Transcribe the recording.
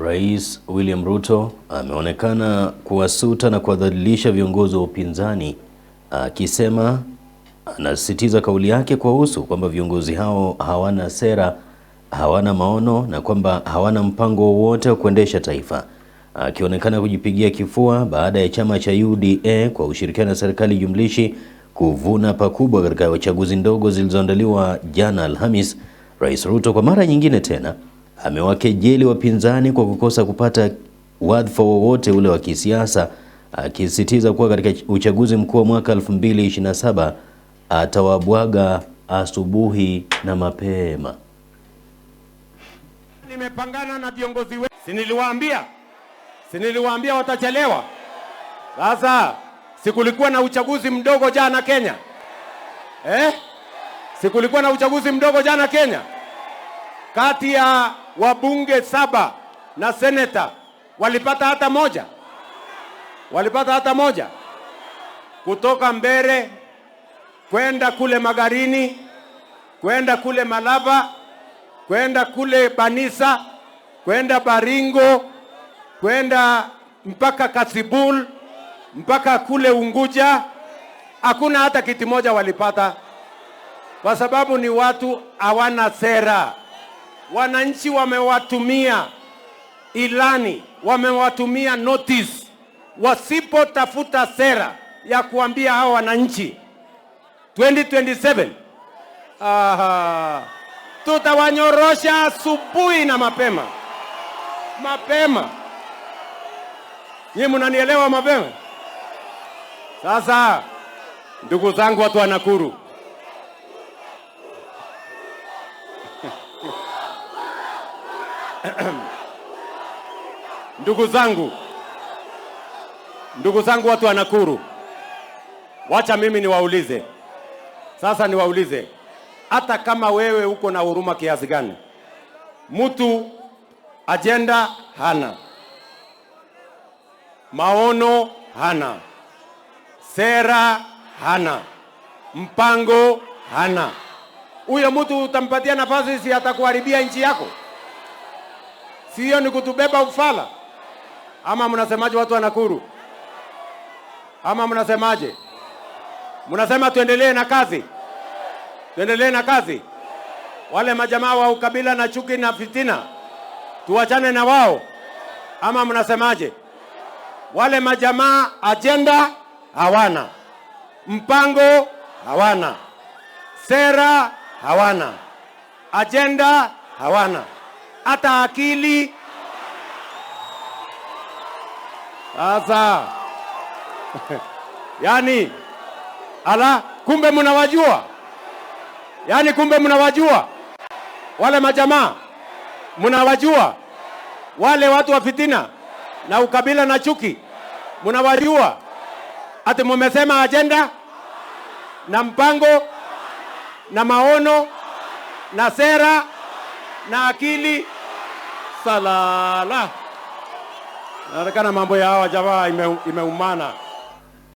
Rais William Ruto ameonekana kuwasuta na kuwadhalilisha viongozi wa upinzani akisema anasisitiza kauli yake usu kwamba viongozi hao hawana sera, hawana maono na kwamba hawana mpango wowote wa kuendesha taifa, akionekana kujipigia kifua baada ya chama cha UDA kwa ushirikiano na serikali jumlishi kuvuna pakubwa katika chaguzi ndogo zilizoandaliwa jana Alhamis. Rais Ruto kwa mara nyingine tena amewakejeli wapinzani kwa kukosa kupata wadhifa wowote ule wa kisiasa, akisisitiza kuwa katika uchaguzi mkuu wa mwaka 2027 atawabwaga asubuhi na mapema. Nimepangana na viongozi wetu, si niliwaambia, si niliwaambia watachelewa. Sasa sikulikuwa na uchaguzi mdogo jana Kenya eh? sikulikuwa na uchaguzi mdogo jana Kenya kati ya wabunge saba na seneta walipata hata moja, walipata hata moja kutoka Mbere kwenda kule Magarini, kwenda kule Malava, kwenda kule Banisa, kwenda Baringo, kwenda mpaka Kasibul, mpaka kule Unguja, hakuna hata kiti moja walipata, kwa sababu ni watu hawana sera wananchi wamewatumia ilani, wamewatumia notice. Wasipotafuta sera ya kuambia hao wananchi 2027 aha, tutawanyorosha asubuhi na mapema mapema. Nyinyi mnanielewa mapema? Sasa ndugu zangu, watu wa Nakuru Ndugu zangu, ndugu zangu, watu wa Nakuru, wacha mimi niwaulize sasa, niwaulize hata kama wewe uko na huruma kiasi gani, mtu ajenda hana, maono hana, sera hana, mpango hana, huyo mtu utampatia nafasi, si atakuharibia nchi yako? si hiyo ni kutubeba ufala ama mnasemaje? Watu wa Nakuru ama mnasemaje? Mnasema tuendelee na kazi, tuendelee na kazi. Wale majamaa wa ukabila na chuki na fitina tuwachane na wao ama mnasemaje? Wale majamaa ajenda hawana, mpango hawana, sera hawana, ajenda hawana hata akili sasa. Yani ala, kumbe mnawajua, yani kumbe mnawajua wale majamaa, mnawajua wale watu wa fitina na ukabila na chuki, mnawajua ati mumesema ajenda na mpango na maono na sera na akili salala. naonekana mambo ya hawa jamaa imeumana ime